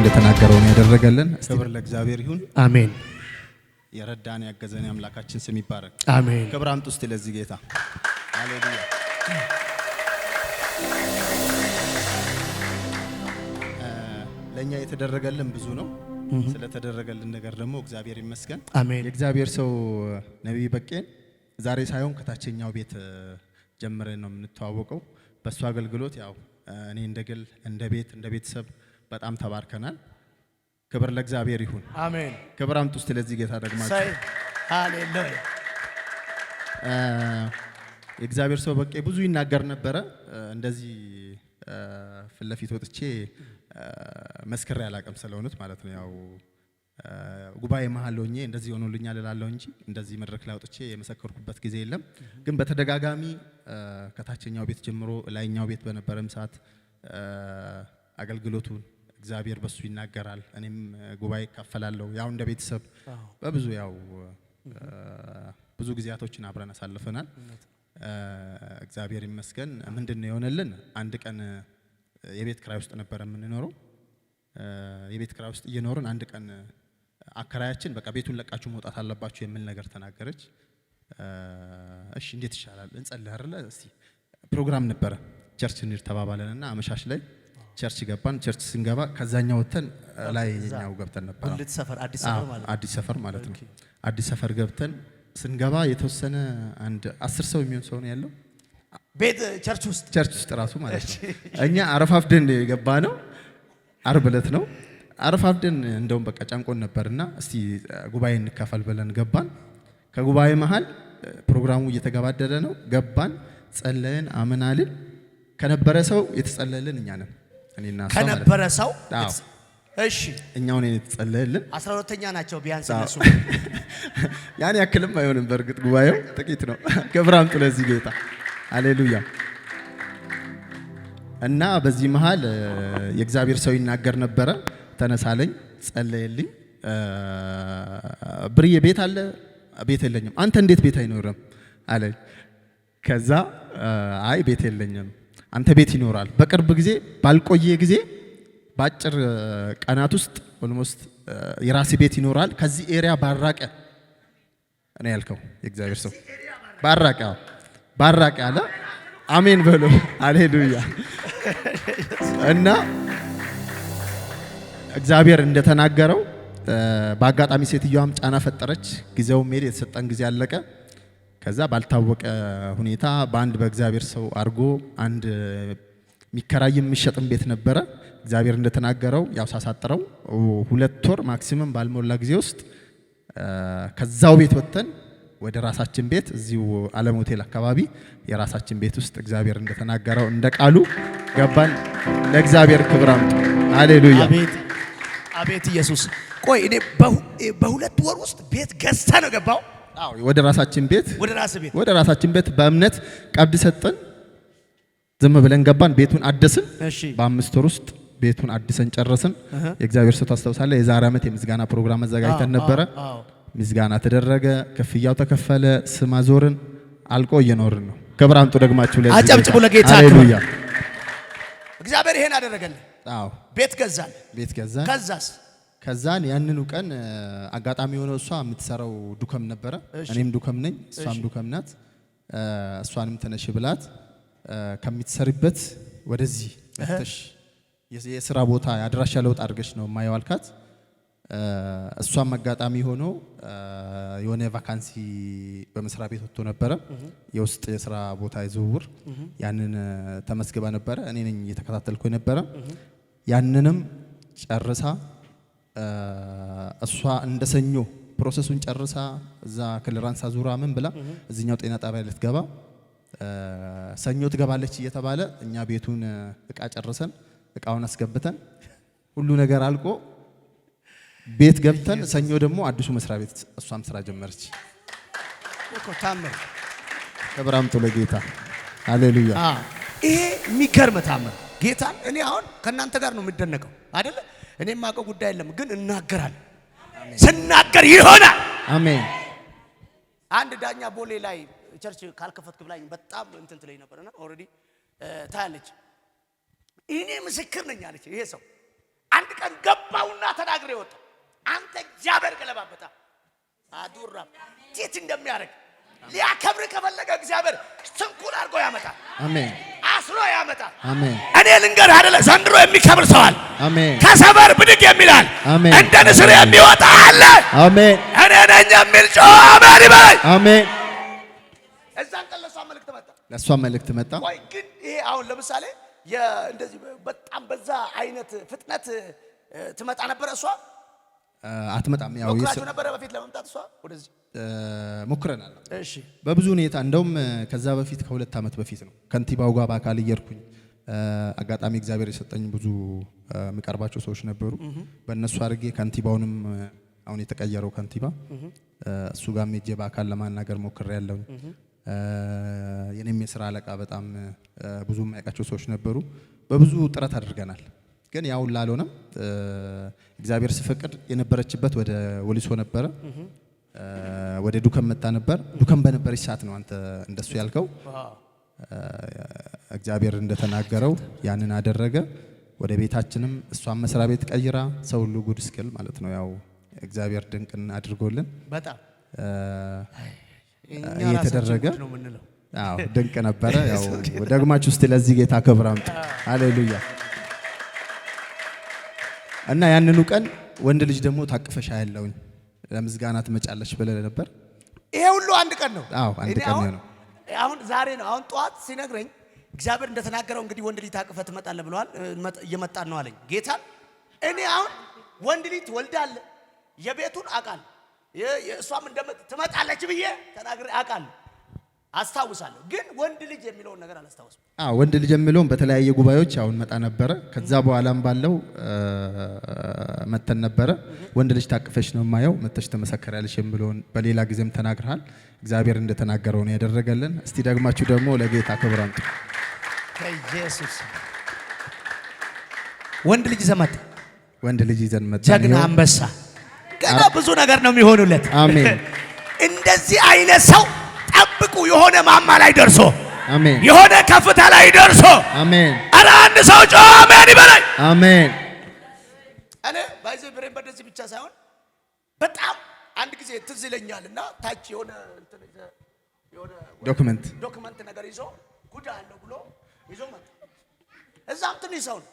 እንደተናገረው ነው ያደረገልን። ክብር ለእግዚአብሔር ይሁን። አሜን። የረዳን ያገዘን አምላካችን ስም ይባረክ። አሜን። ክብር አምጡ እስቲ ለዚህ ጌታ ሃሌሉያ። ለእኛ የተደረገልን ብዙ ነው። ስለተደረገልን ነገር ደግሞ እግዚአብሔር ይመስገን። አሜን። የእግዚአብሔር ሰው ነቢይ በቄን ዛሬ ሳይሆን ከታችኛው ቤት ጀምረን ነው የምንተዋወቀው። በእሱ አገልግሎት ያው እኔ እንደ ግል እንደ ቤት እንደ ቤተሰብ በጣም ተባርከናል። ክብር ለእግዚአብሔር ይሁን። አሜን። ክብር አምጡ ውስጥ ለዚህ ጌታ ደግማችሁ። ሃሌሉያ። የእግዚአብሔር ሰው በቄ ብዙ ይናገር ነበረ። እንደዚህ ፊት ለፊት ወጥቼ መስክሬ አላቅም ስለሆኑት ማለት ነው። ያው ጉባኤ መሀል ሆኜ እንደዚህ ሆኖልኛል እላለሁ እንጂ እንደዚህ መድረክ ላይ ወጥቼ የመሰከርኩበት ጊዜ የለም። ግን በተደጋጋሚ ከታችኛው ቤት ጀምሮ ላይኛው ቤት በነበረም ሰዓት አገልግሎቱን እግዚአብሔር በሱ ይናገራል። እኔም ጉባኤ እካፈላለሁ። ያው እንደ ቤተሰብ በብዙ ያው ብዙ ጊዜያቶችን አብረን አሳልፈናል። እግዚአብሔር ይመስገን። ምንድን ነው የሆነልን? አንድ ቀን የቤት ክራይ ውስጥ ነበረ የምንኖረው። የቤት ክራይ ውስጥ እየኖርን አንድ ቀን አከራያችን በቃ ቤቱን ለቃችሁ መውጣት አለባችሁ የሚል ነገር ተናገረች። እሺ እንዴት ይሻላል እንጸልህ እስቲ ፕሮግራም ነበረ ቸርች እንሂድ ተባባለንና አመሻሽ ላይ ቸርች ገባን። ቸርች ስንገባ ከዛኛው ወተን ላይ ኛው ገብተን ነበር። አዲስ ሰፈር ማለት ነው። አዲስ ሰፈር ገብተን ስንገባ የተወሰነ አንድ አስር ሰው የሚሆን ሰው ነው ያለው ቤት ቸርች ውስጥ ቸርች ውስጥ ራሱ ማለት ነው። እኛ አረፋፍደን የገባ ነው። አርብ ዕለት ነው። አረፋፍደን እንደውም በቃ ጫንቆን ነበርና እስቲ ጉባኤ እንካፈል ብለን ገባን። ከጉባኤ መሀል ፕሮግራሙ እየተገባደደ ነው። ገባን፣ ጸለየን፣ አመናልን። ከነበረ ሰው የተጸለልን እኛ ነን። ከነበረ ሰው እሺ እኛውን የተጸለየልን አስራ ሁለተኛ ናቸው ቢያንስ እነሱ ያን ያክልም አይሆንም። በእርግጥ ጉባኤው ጥቂት ነው። ክብር አምጡ ለዚህ ጌታ አሌሉያ። እና በዚህ መሀል የእግዚአብሔር ሰው ይናገር ነበረ። ተነሳለኝ፣ ጸለየልኝ። ብርዬ ቤት አለ? ቤት የለኝም። አንተ እንዴት ቤት አይኖርም አለኝ። ከዛ አይ ቤት የለኝም አንተ ቤት ይኖራል። በቅርብ ጊዜ ባልቆየ ጊዜ በአጭር ቀናት ውስጥ ኦልሞስት የራሴ ቤት ይኖራል። ከዚህ ኤሪያ ባራቀ እኔ ያልከው የእግዚአብሔር ሰው ባራቀ ባራቀ አለ። አሜን በሎ አሌሉያ። እና እግዚአብሔር እንደተናገረው በአጋጣሚ ሴትዮዋም ጫና ፈጠረች። ጊዜው ሜድ የተሰጠን ጊዜ አለቀ። ከዛ ባልታወቀ ሁኔታ በአንድ በእግዚአብሔር ሰው አድርጎ አንድ የሚከራይም የሚሸጥም ቤት ነበረ። እግዚአብሔር እንደተናገረው ያው ሳሳጥረው ሁለት ወር ማክሲመም ባልሞላ ጊዜ ውስጥ ከዛው ቤት ወጥተን ወደ ራሳችን ቤት እዚሁ አለም ሆቴል አካባቢ የራሳችን ቤት ውስጥ እግዚአብሔር እንደተናገረው እንደ ቃሉ ገባን። ለእግዚአብሔር ክብር አምጡ። አሌሉያ። አቤት ኢየሱስ። ቆይ እኔ በሁለት ወር ውስጥ ቤት ገዝተ ነው ገባው ወደ ራሳችን ቤት ወደ ራሳችን ቤት በእምነት ቀብድ ሰጠን፣ ዝም ብለን ገባን፣ ቤቱን አደስን። በአምስት ወር ውስጥ ቤቱን አድሰን ጨረስን። የእግዚአብሔር ሰው ታስታውሳለህ? የዛሬ ዓመት የምስጋና ፕሮግራም አዘጋጅተን ነበረ። ምስጋና ተደረገ፣ ክፍያው ተከፈለ፣ ስማ ዞርን፣ አልቆ እየኖርን ነው። ክብር አምጡ ደግማችሁ አጨብጭቡ ለጌታ እግዚአብሔር ይሄን አደረገልን። ቤት ገዛን፣ ቤት ገዛን። ከዛስ ከዛን ያንኑ ቀን አጋጣሚ የሆነው እሷ የምትሰራው ዱከም ነበረ። እኔም ዱከም ነኝ፣ እሷም ዱከም ናት። እሷንም ተነሽ ብላት ከምትሰሪበት ወደዚህ መተሽ የስራ ቦታ የአድራሻ ለውጥ አድርገሽ ነው ማየዋልካት። እሷም አጋጣሚ ሆኖ የሆነ ቫካንሲ በመስሪያ ቤት ወጥቶ ነበረ፣ የውስጥ የስራ ቦታ ዝውውር። ያንን ተመስግባ ነበረ። እኔ ነኝ እየተከታተልኩ ነበረ። ያንንም ጨርሳ እሷ እንደ ሰኞ ፕሮሰሱን ጨርሳ እዛ ክልራንሳ ዙራ ምን ብላ እዚኛው ጤና ጣቢያ ልትገባ ሰኞ ትገባለች እየተባለ እኛ ቤቱን እቃ ጨርሰን እቃውን አስገብተን ሁሉ ነገር አልቆ ቤት ገብተን ሰኞ ደግሞ አዲሱ መስሪያ ቤት እሷም ስራ ጀመረች። ክብር አምጡ ለጌታ አሌሉያ። ይሄ የሚገርም ታምር ጌታ። እኔ አሁን ከእናንተ ጋር ነው የምደነቀው አይደለም እኔ የማውቀው ጉዳይ የለም ግን እናገራል። ስናገር ይሆናል። አሜን። አንድ ዳኛ ቦሌ ላይ ቸርች ካልከፈትክ ብላኝ በጣም እንትን ትለኝ ነበርና ኦልሬዲ ታያለች። እኔ ምስክር ነኝ አለች። ይሄ ሰው አንድ ቀን ገባውና ተናግሬ ወጣ። አንተ እግዚአብሔር ገለባበታ አዱራ ቴት እንደሚያደርግ ሊያከብር ከፈለገ እግዚአብሔር ስንኩል አድርጎ ያመጣል። አሜን። አስሎ ያመጣል። እኔ ልንገር አይደለ ዘንድሮ የሚከብር ሰዋል ከሰፈር ብድግ የሚላል እንደ ንስር የሚወጣ አለ። እኔ ነኝ የሚል ጮህ አሜን ይበል። እዛን ቀን ለእሷ መልእክት መጣ፣ ለእሷ መልእክት መጣ። ቆይ ግን ይሄ አሁን ለምሳሌ እንደዚህ በጣም በዛ አይነት ፍጥነት ትመጣ ነበር እሷ አትመጣም። ያው ሞክራችሁ ነበረ በፊት ለመምጣት እሷ ወደዚህ ሞክረናል። እሺ፣ በብዙ ሁኔታ እንደውም ከዛ በፊት ከሁለት ዓመት በፊት ነው ከንቲባው ጋር በአካል እየርኩኝ አጋጣሚ እግዚአብሔር የሰጠኝ ብዙ የሚቀርባቸው ሰዎች ነበሩ። በእነሱ አድርጌ ከንቲባውንም አሁን የተቀየረው ከንቲባ እሱ ጋር ሜጄ በአካል ለማናገር ሞክሬ ያለውኝ የኔም የስራ አለቃ በጣም ብዙ የማያውቃቸው ሰዎች ነበሩ። በብዙ ጥረት አድርገናል። ግን ያውን ላልሆነም እግዚአብሔር ስፈቅድ የነበረችበት ወደ ወሊሶ ነበረ። ወደ ዱከም መጣ ነበር። ዱከም በነበረች ሰዓት ነው አንተ እንደሱ ያልከው። እግዚአብሔር እንደተናገረው ያንን አደረገ። ወደ ቤታችንም እሷን መስሪያ ቤት ቀይራ ሰው ሁሉ ጉድ ስቅል ማለት ነው። ያው እግዚአብሔር ድንቅን አድርጎልን በጣም እየተደረገ ድንቅ ነበረ። ያው ደግማችሁ ውስጥ ለዚህ ጌታ ክብር አምጡ። ሃሌሉያ እና ያንኑ ቀን ወንድ ልጅ ደግሞ ታቅፈሽ አያለውኝ ለምዝጋና ትመጫለሽ ብለ ነበር። ይሄ ሁሉ አንድ ቀን ነው። አዎ አንድ ቀን ነው። አሁን ዛሬ ነው። አሁን ጠዋት ሲነግረኝ እግዚአብሔር እንደተናገረው እንግዲህ ወንድ ልጅ ታቅፈ ትመጣለህ ብለዋል። እየመጣን ነው አለኝ ጌታ። እኔ አሁን ወንድ ልጅ ትወልዳለህ፣ የቤቱን አቃል እሷም ትመጣለች ብዬ ተናግሬ አቃል አስታውሳለሁ ግን ወንድ ልጅ የሚለውን ነገር አላስታውስም። ወንድ ልጅ የሚለውን በተለያየ ጉባኤዎች አሁን መጣ ነበረ። ከዛ በኋላም ባለው መተን ነበረ። ወንድ ልጅ ታቅፈሽ ነው የማየው መተሽ ትመሰከሪያለሽ የሚለውን በሌላ ጊዜም ተናግረሃል። እግዚአብሔር እንደተናገረው ነው ያደረገልን። እስቲ ደግማችሁ ደግሞ ለጌታ ክብር አምጡ። ከኢየሱስ ወንድ ልጅ ዘመት ወንድ ልጅ ይዘን መጣ። ጀግና አንበሳ ገና ብዙ ነገር ነው የሚሆኑለት። አሜን። እንደዚህ አይነት ሰው ጠብቁ። የሆነ ማማ ላይ ደርሶ የሆነ ከፍታ ላይ ደርሶ አሜን። አረ አንድ ሰው ጮ አሜን ይበላይ አሜን። እኔ ባይዘ ብሬን በደዚህ ብቻ ሳይሆን በጣም አንድ ጊዜ ትዝ ይለኛልና ታች የሆነ ዶክመንት ዶክመንት ነገር ይዞ ጉዳ አለው ብሎ ይዞ መጣ። እዛም ትንሽ ሰው ነው።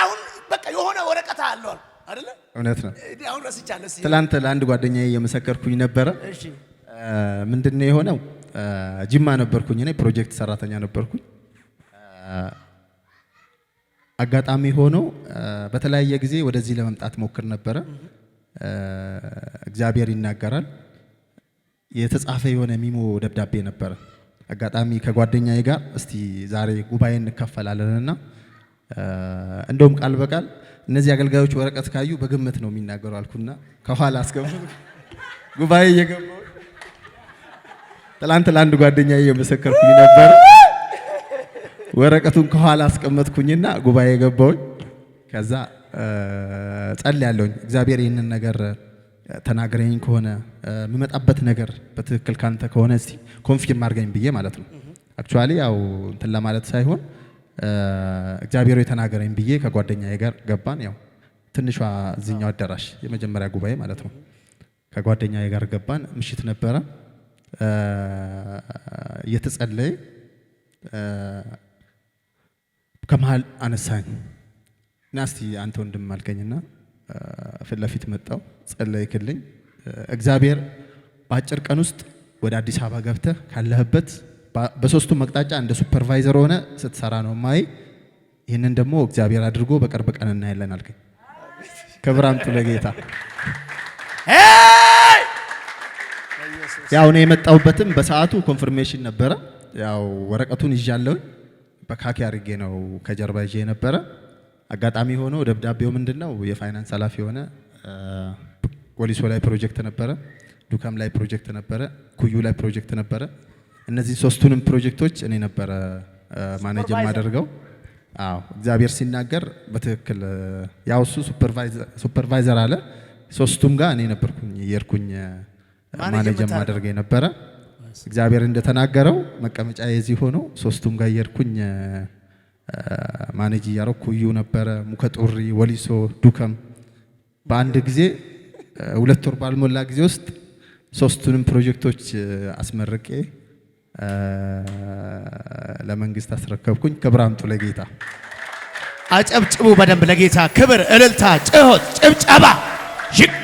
አሁን በቃ የሆነ ወረቀት አለው አይደለ? እውነት ነው። አሁን ረስቻለሁ። ትላንት ለአንድ ጓደኛዬ የመሰከርኩኝ ነበረ። ምንድን ነው የሆነው? ጅማ ነበርኩኝ እኔ ፕሮጀክት ሰራተኛ ነበርኩኝ። አጋጣሚ ሆኖ በተለያየ ጊዜ ወደዚህ ለመምጣት ሞክር ነበረ። እግዚአብሔር ይናገራል። የተጻፈ የሆነ ሚሞ ደብዳቤ ነበረ። አጋጣሚ ከጓደኛዬ ጋር እስቲ ዛሬ ጉባኤ እንካፈላለንና እንደውም ቃል በቃል እነዚህ አገልጋዮች ወረቀት ካዩ በግምት ነው የሚናገሩ አልኩና ከኋላ አስገባ ጉባኤ እየገባሁ ትላንት ለአንድ ጓደኛ የመሰከርኩኝ ነበር። ወረቀቱን ከኋላ አስቀመጥኩኝና ጉባኤ ገባሁኝ። ከዛ ጸል ጸልያለሁኝ፣ እግዚአብሔር ይህንን ነገር ተናግረኝ ከሆነ የምመጣበት ነገር በትክክል ካንተ ከሆነ እስቲ ኮንፊርም አድርገኝ ብዬ ማለት ነው። አክቹዋሊ ያው እንትን ለማለት ሳይሆን እግዚአብሔሩ የተናገረኝ ብዬ ከጓደኛዬ ጋር ገባን። ያው ትንሿ እዚኛው አዳራሽ የመጀመሪያ ጉባኤ ማለት ነው። ከጓደኛዬ ጋር ገባን። ምሽት ነበረ። እየተጸለየ ከመሀል አነሳኝ እና እስቲ አንተ ወንድም አልከኝና ፊት ለፊት መጣው ጸለይክልኝ። እግዚአብሔር በአጭር ቀን ውስጥ ወደ አዲስ አበባ ገብተህ ካለህበት በሶስቱም አቅጣጫ እንደ ሱፐርቫይዘር ሆነ ስትሰራ ነው ማይ ይህንን ደግሞ እግዚአብሔር አድርጎ በቅርብ ቀን እናያለን አልከኝ። ክብር አምጡ ለጌታ። ያው እኔ የመጣሁበትም በሰዓቱ ኮንፍርሜሽን ነበረ። ያው ወረቀቱን ይዣለሁ በካኪ አድርጌ ነው ከጀርባ ይዤ ነበረ። አጋጣሚ ሆኖ ደብዳቤው ምንድነው የፋይናንስ ኃላፊ የሆነ ወሊሶ ላይ ፕሮጀክት ነበረ፣ ዱካም ላይ ፕሮጀክት ነበረ፣ ኩዩ ላይ ፕሮጀክት ነበረ። እነዚህ ሶስቱንም ፕሮጀክቶች እኔ ነበረ ማኔጅ የማደርገው። አዎ እግዚአብሔር ሲናገር በትክክል ያው እሱ ሱፐርቫይዘር አለ። ሶስቱም ጋር እኔ ነበርኩኝ የርኩኝ ማኔጅ ማደርገ የነበረ እግዚአብሔር እንደተናገረው መቀመጫ የዚህ ሆኖ ሶስቱም ጋር የርኩኝ ማኔጅ እያረኩ ኩዩ ነበረ። ሙከጦሪ፣ ወሊሶ፣ ዱከም በአንድ ጊዜ ሁለት ወር ባልሞላ ጊዜ ውስጥ ሶስቱንም ፕሮጀክቶች አስመርቄ ለመንግስት አስረከብኩኝ። ክብር አምጡ ለጌታ። አጨብጭቡ በደንብ ለጌታ ክብር፣ እልልታ፣ ጭሆት፣ ጭብጨባ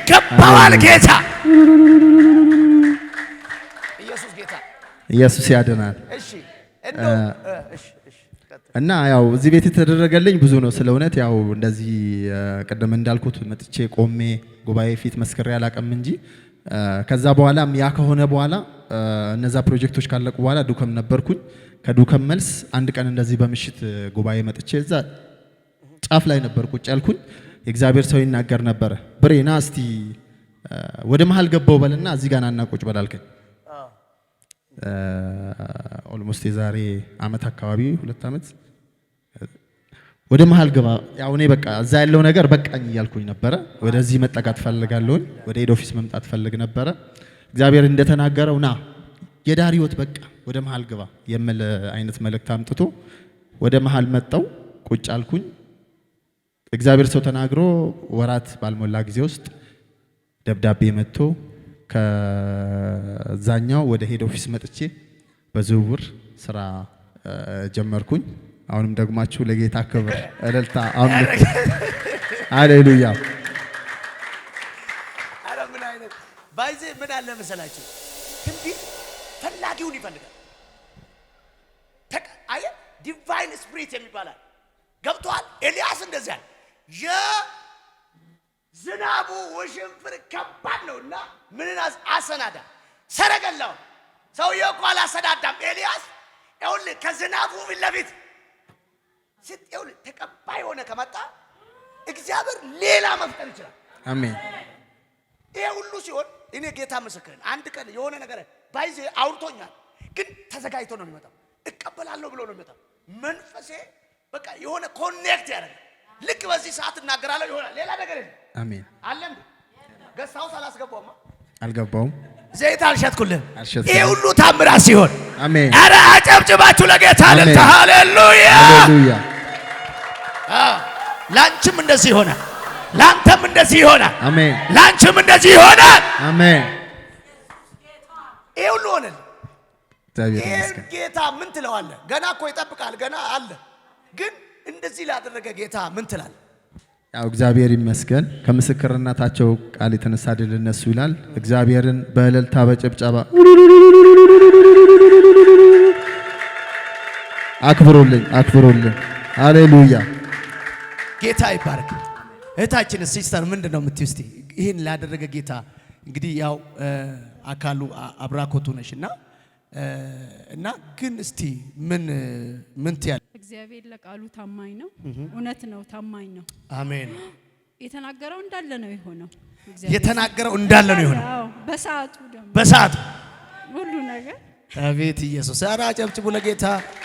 ይገባዋል ጌታ ኢየሱስ ጌታ ኢየሱስ ያድናል። እና ያው እዚህ ቤት የተደረገልኝ ብዙ ነው። ስለ እውነት ያው እንደዚህ ቅድም እንዳልኩት መጥቼ ቆሜ ጉባኤ ፊት መስክሬ አላውቅም እንጂ ከዛ በኋላም ያ ከሆነ በኋላ እነዛ ፕሮጀክቶች ካለቁ በኋላ ዱከም ነበርኩኝ። ከዱከም መልስ አንድ ቀን እንደዚህ በምሽት ጉባኤ መጥቼ እዛ ጫፍ ላይ ነበር ቁጭ ያልኩኝ። የእግዚአብሔር ሰው ይናገር ነበረ። ብሬና እስቲ ወደ መሀል ገባው በልና እዚህ ጋር ናና ቁጭ በላልከኝ። ኦልሞስት የዛሬ አመት አካባቢ ሁለት አመት ወደ መሀል ገባ። ያው እኔ በቃ እዛ ያለው ነገር በቃኝ እያልኩኝ ነበረ። ወደዚህ መጠጋት ፈልጋለሁኝ። ወደ ሄድ ኦፊስ መምጣት ፈልግ ነበረ። እግዚአብሔር እንደተናገረው ና የዳር ህይወት በቃ ወደ መሀል ግባ የምል አይነት መልእክት አምጥቶ ወደ መሀል መጣው ቁጭ አልኩኝ። እግዚአብሔር ሰው ተናግሮ ወራት ባልሞላ ጊዜ ውስጥ ደብዳቤ መጥቶ ከዛኛው ወደ ሄድ ኦፊስ መጥቼ በዝውውር ስራ ጀመርኩኝ። አሁንም ደግማችሁ ለጌታ ክብር እልልታ አምልክ። አሌሉያ። አረ ምን አይነት ባይዜ ምን አለ መሰላችሁ፣ ትንቢት ፈላጊውን ይፈልጋል። አየ ዲቫይን ስፕሪት የሚባላል ገብተዋል። ኤልያስ እንደዚህ አለ የዝናቡ ውሽንፍር ከባድ ነውና ምንን አሰናዳ ሰረገላው ሰውየው እኮ አላሰናዳም። ኤልያስ ይኸውልህ ከዝናቡ ፊት ለፊት ስጥ ይኸውልህ ተቀባይ የሆነ ከመጣ እግዚአብሔር ሌላ መፍጠር ይችላል። አሜን። ይሄ ሁሉ ሲሆን እኔ ጌታ ምስክርን አንድ ቀን የሆነ ነገር ባይዜ አውርቶኛል፣ ግን ተዘጋጅቶ ነው የሚመጣው። እቀበላለሁ ብሎ ነው የሚመጣው። መንፈሴ በቃ የሆነ ኮኔክት ያደርጋል። ልክ በዚህ ሰዓት እናገራለሁ ይሆናል። ሌላ ነገር የለም። አሜን አለ እንዴ ገሳውስ አላስገባውማ አልገባውም። ዘይት አልሸጥኩልህም። ይሄ ሁሉ ታምራት ሲሆን አሜን። ኧረ አጨብጭባችሁ ለጌታ አለልታ። ሃሌሉያ ሃሌሉያ። ላንቺም እንደዚህ ይሆናል። ላንተም እንደዚህ ይሆናል። አሜን። ላንቺም እንደዚህ ይሆናል። አሜን። ይሄ ሁሉ ሆነል። ይሄን ጌታ ምን ትለዋለህ? ገና እኮ ይጠብቃል። ገና አለ ግን እንደዚህ ላደረገ ጌታ ምን ትላል? ያው እግዚአብሔር ይመስገን። ከምስክርነታቸው ቃል የተነሳ ድል እነሱ ይላል። እግዚአብሔርን በእልልታ በጭብጨባ አክብሩልኝ፣ አክብሩልኝ። ሃሌሉያ ጌታ ይባረክ። እህታችን ሲስተር ምንድን ነው የምትይው? ይህን ላደረገ ጌታ እንግዲህ ያው አካሉ አብራኮቱ ነሽ እና እና ግን እስቲ ምን ምን ትያለ? እግዚአብሔር ለቃሉ ታማኝ ነው። እውነት ነው፣ ታማኝ ነው። አሜን። የተናገረው እንዳለ ነው የሆነው። የተናገረው እንዳለ ነው የሆነው። በሰዓቱ ደግሞ በሰዓቱ ሁሉ ነገር አቤት ኢየሱስ! ኧረ አጨብጭቡ ለጌታ።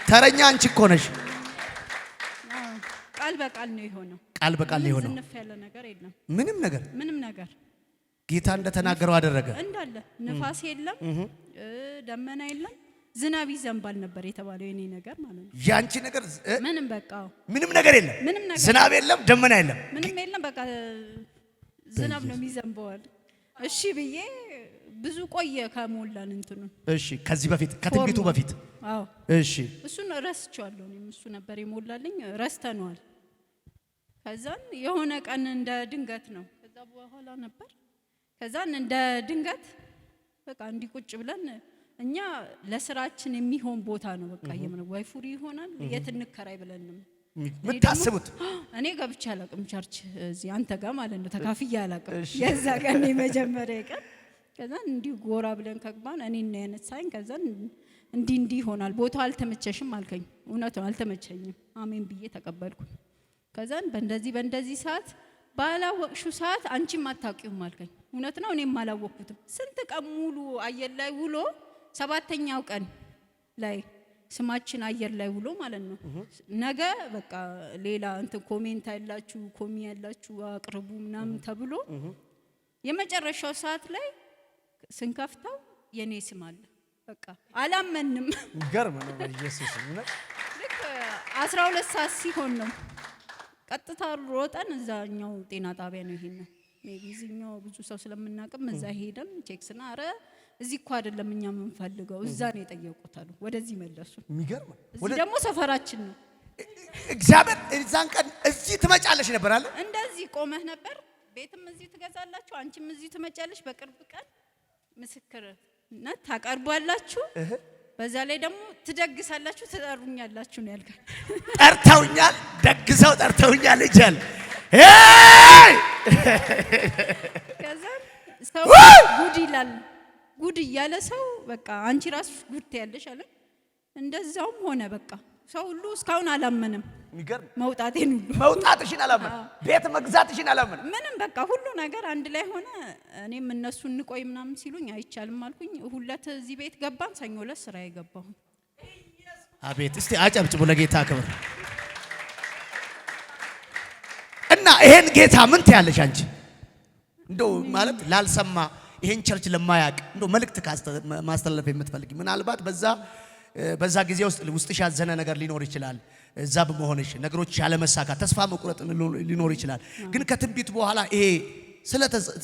ተረኛ አንቺ እኮ ነሽ። ቃል በቃል ነው የሆነው። ቃል በቃል ነው የሆነው። ነገር የለም። ምንም ነገር ምንም ነገር ጌታ እንደተናገረው አደረገ። እንዳለ ንፋስ የለም፣ ደመና የለም፣ ዝናብ ይዘንባል ነበር የተባለው የኔ ነገር ማለት ነው። ያንቺ ነገር ምንም በቃ ምንም ነገር የለም፣ ምንም ነገር ዝናብ የለም፣ ደመና የለም፣ ምንም የለም። በቃ ዝናብ ነው የሚዘንበዋል። እሺ ብዬ ብዙ ቆየ ከሞላን እንትኑን እሺ፣ ከዚህ በፊት ከትንቢቱ በፊት አዎ፣ እሺ፣ እሱን ረስቼዋለሁ። እሱ ነበር የሞላልኝ፣ ረስተነዋል። ከዛን የሆነ ቀን እንደ ድንገት ነው። ከዛ በኋላ ነበር ከዛን እንደ ድንገት በቃ እንዲህ ቁጭ ብለን እኛ ለስራችን የሚሆን ቦታ ነው በቃ የምን ዋይፉሪ ይሆናል የት እንከራይ ብለን ምታስቡት እኔ ገብቼ አላቅም ቸርች እዚህ አንተ ጋር ማለት ነው ተካፍዬ አላቅም። የዛ ቀን የመጀመሪያ ቀን ከዛን እንዲህ ጎራ ብለን ከግባን እኔ እና ያነሳኝ ከዛን እንዲህ እንዲህ ይሆናል ቦታ አልተመቸሽም አልከኝ። እውነቱ አልተመቸኝም፣ አሜን ብዬ ተቀበልኩ። ከዛን በእንደዚህ በእንደዚህ ሰዓት ባላወቅሹ ሰዓት አንቺም አታውቂውም አልከኝ። እውነት ነው። እኔም አላወቅኩትም። ስንት ቀን ሙሉ አየር ላይ ውሎ ሰባተኛው ቀን ላይ ስማችን አየር ላይ ውሎ ማለት ነው። ነገ በቃ ሌላ እንትን ኮሜንት ያላችሁ ኮሚ ያላችሁ አቅርቡ ምናምን ተብሎ የመጨረሻው ሰዓት ላይ ስንከፍተው የኔ ስም አለ። በቃ አላመንም። ገርም ነው። በኢየሱስ ልክ አስራ ሁለት ሰዓት ሲሆን ነው ቀጥታ ሮጠን እዛኛው ጤና ጣቢያ ነው ይሄንን ሜቢ እዚህኛው ብዙ ሰው ስለምናቅም እዛ ሄደን ቼክስና አረ እዚህ እኮ አይደለም እኛ የምንፈልገው እዛ ነው የጠየቁት አሉ። ወደዚህ መለሱ። የሚገርም እዚህ ደግሞ ሰፈራችን ነው። እግዚአብሔር እዛን ቀን እዚህ ትመጫለሽ ነበር አለ። እንደዚህ ቆመህ ነበር። ቤትም እዚህ ትገዛላችሁ፣ አንቺም እዚህ ትመጫለሽ። በቅርብ ቀን ምስክርነት ታቀርቧላችሁ። በዛ ላይ ደግሞ ትደግሳላችሁ፣ ትጠሩኛላችሁ ነው ያልካል። ጠርተውኛል፣ ደግሰው ጠርተውኛል። እጃል ከዛ ሰው ጉድ ይላል ጉድ እያለ ሰው በቃ አንቺ ራሱ ጉድ ትያለሽ አለ። እንደዛውም ሆነ በቃ ሰው ሁሉ እስካሁን አላመንም። የሚገርም መውጣቴን ሁሉ መውጣትሽን አላመን፣ ቤት መግዛትሽን አላመን፣ ምንም በቃ ሁሉ ነገር አንድ ላይ ሆነ። እኔም እነሱ እንቆይ ምናምን ሲሉኝ አይቻልም አልኩኝ። ሁለት እዚህ ቤት ገባን። ሰኞ ዕለት ስራ የገባሁኝ። አቤት! እስቲ አጨብጭቡ ለጌታ ክብር። እና ይሄን ጌታ ምን ትያለሽ አንቺ? እንደው ማለት ላልሰማ ይሄን ቸርች ለማያውቅ እንደው መልእክት ማስተላለፍ የምትፈልጊ ምናልባት በዛ በዛ ጊዜ ውስጥ ውስጥሽ ያዘነ ነገር ሊኖር ይችላል። እዛ በመሆንሽ ነገሮች ያለመሳካት፣ ተስፋ መቁረጥ ሊኖር ይችላል። ግን ከትንቢት በኋላ ይሄ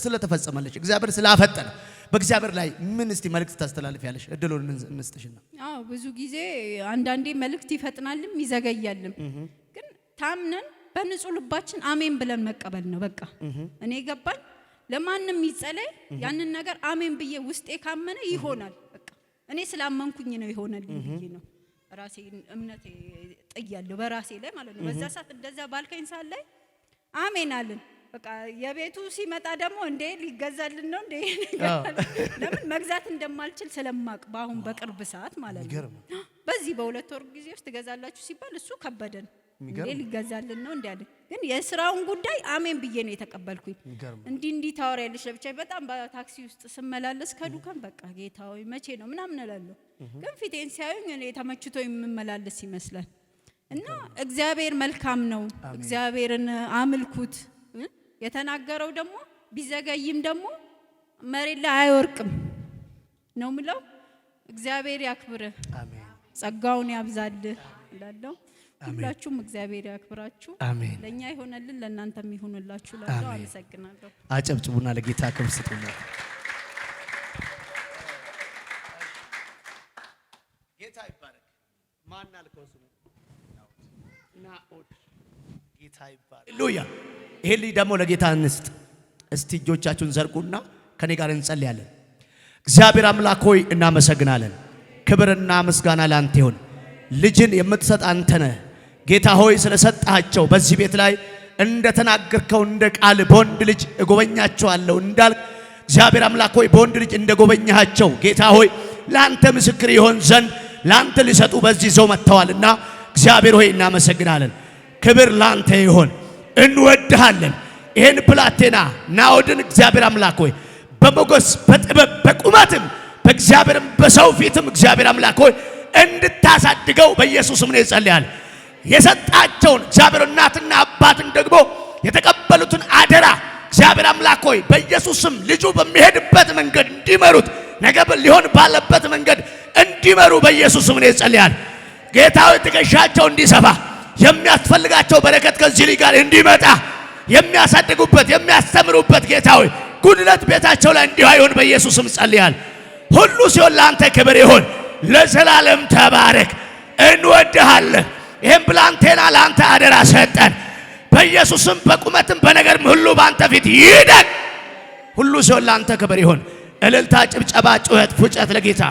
ስለተፈጸመለች እግዚአብሔር ስላፈጠነ በእግዚአብሔር ላይ ምን እስቲ መልእክት ያለሽ እድሉን እንስጥሽና። አዎ ብዙ ጊዜ አንዳንዴ መልእክት ይፈጥናልም ይዘገያልም፣ ግን ታምነን በንጹህ ልባችን አሜን ብለን መቀበል ነው። በቃ እኔ ገባኝ። ለማንም ይጸለይ ያንን ነገር አሜን ብዬ ውስጤ ካመነ ይሆናል። በቃ እኔ ስላመንኩኝ ነው ይሆናልኝ ብዬ ነው ራሴ እምነት ጥያለሁ በራሴ ላይ ማለት ነው። በዛ ሰዓት እንደዛ ባልከኝ ሰዓት ላይ አሜን አልን። በቃ የቤቱ ሲመጣ ደግሞ እንዴ ሊገዛልን ነው እንዴ? ለምን መግዛት እንደማልችል ስለማቅ በአሁን በቅርብ ሰዓት ማለት ነው። በዚህ በሁለት ወር ጊዜ ውስጥ ትገዛላችሁ ሲባል እሱ ከበደን። እንዴ ሊገዛልን ነው እንዲ ያለ ግን የስራውን ጉዳይ አሜን ብዬ ነው የተቀበልኩኝ። እንዲ እንዲ ታወሪያለሽ ለብቻ በጣም በታክሲ ውስጥ ስመላለስ ከዱከም በቃ ጌታ ሆይ መቼ ነው ምናምን እላለሁ። ግን ፊቴን ሲያዩኝ እኔ ተመችቶ የምመላለስ ይመስላል። እና እግዚአብሔር መልካም ነው። እግዚአብሔርን አምልኩት። የተናገረው ደግሞ ቢዘገይም ደግሞ መሬት ላይ አይወርቅም ነው ምለው። እግዚአብሔር ያክብርህ፣ ጸጋውን ያብዛልህ እላለሁ። ሁላችሁም እግዚአብሔር ያክብራችሁ። አሜን። ለእኛ ይሆነልን ለእናንተ የሚሆኑላችሁ ላለው አመሰግናለሁ። አጨብጭቡና ለጌታ ክብር ስጡና ጌታ ይባረክ። ማን አልከው ስሙ ናኦድ። ጌታ ይባረክ። ሃሌሉያ። ይሄ ልጅ ደግሞ ለጌታ እንስጥ። እስቲ እጆቻችሁን ዘርጉና ከኔ ጋር እንጸልያለን። እግዚአብሔር አምላክ ሆይ እናመሰግናለን። ክብርና ምስጋና ለአንተ ይሁን። ልጅን የምትሰጥ አንተ ነህ። ጌታ ሆይ ስለሰጣቸው በዚህ ቤት ላይ እንደ ተናገርከው እንደ ቃል በወንድ ልጅ እጎበኛቸዋለሁ እንዳልክ እግዚአብሔር አምላክ ሆይ በወንድ ልጅ እንደ ጎበኛቸው ጌታ ሆይ ለአንተ ምስክር ይሆን ዘንድ ለአንተ ሊሰጡ በዚህ ይዘው መጥተዋልና እግዚአብሔር ሆይ እናመሰግናለን። ክብር ለአንተ ይሆን፣ እንወድሃለን። ይህን ብላቴና ናኦድን እግዚአብሔር አምላክ ሆይ በሞገስ በጥበብ በቁመትም በእግዚአብሔርም በሰው ፊትም እግዚአብሔር አምላክ ሆይ እንድታሳድገው በኢየሱስ ስም እጸልያለሁ። የሰጣቸውን እግዚአብሔር እናትና አባትን ደግሞ የተቀበሉትን አደራ እግዚአብሔር አምላክ ሆይ በኢየሱስም ልጁ በሚሄድበት መንገድ እንዲመሩት ነገ ሊሆን ባለበት መንገድ እንዲመሩ በኢየሱስም ስም ጸልያል። ጌታዊ ትከሻቸው እንዲሰፋ የሚያስፈልጋቸው በረከት ከዚህ ልጅ ጋር እንዲመጣ የሚያሳድጉበት የሚያስተምሩበት ጌታዊ ጉድለት ቤታቸው ላይ እንዲሁ አይሁን በኢየሱስ ጸልያል። ሁሉ ሲሆን ለአንተ ክብር ይሁን፣ ለዘላለም ተባረክ። እንወድሃለን። ይህም ብላንቴና ለአንተ አደራ ሰጠን። በኢየሱስም በቁመትም በነገርም ሁሉ በአንተ ፊት ይደግ። ሁሉ ሲሆን ለአንተ ክብር ይሁን። እልልታ፣ ጭብጨባ፣ ጩኸት፣ ፉጨት ለጌታ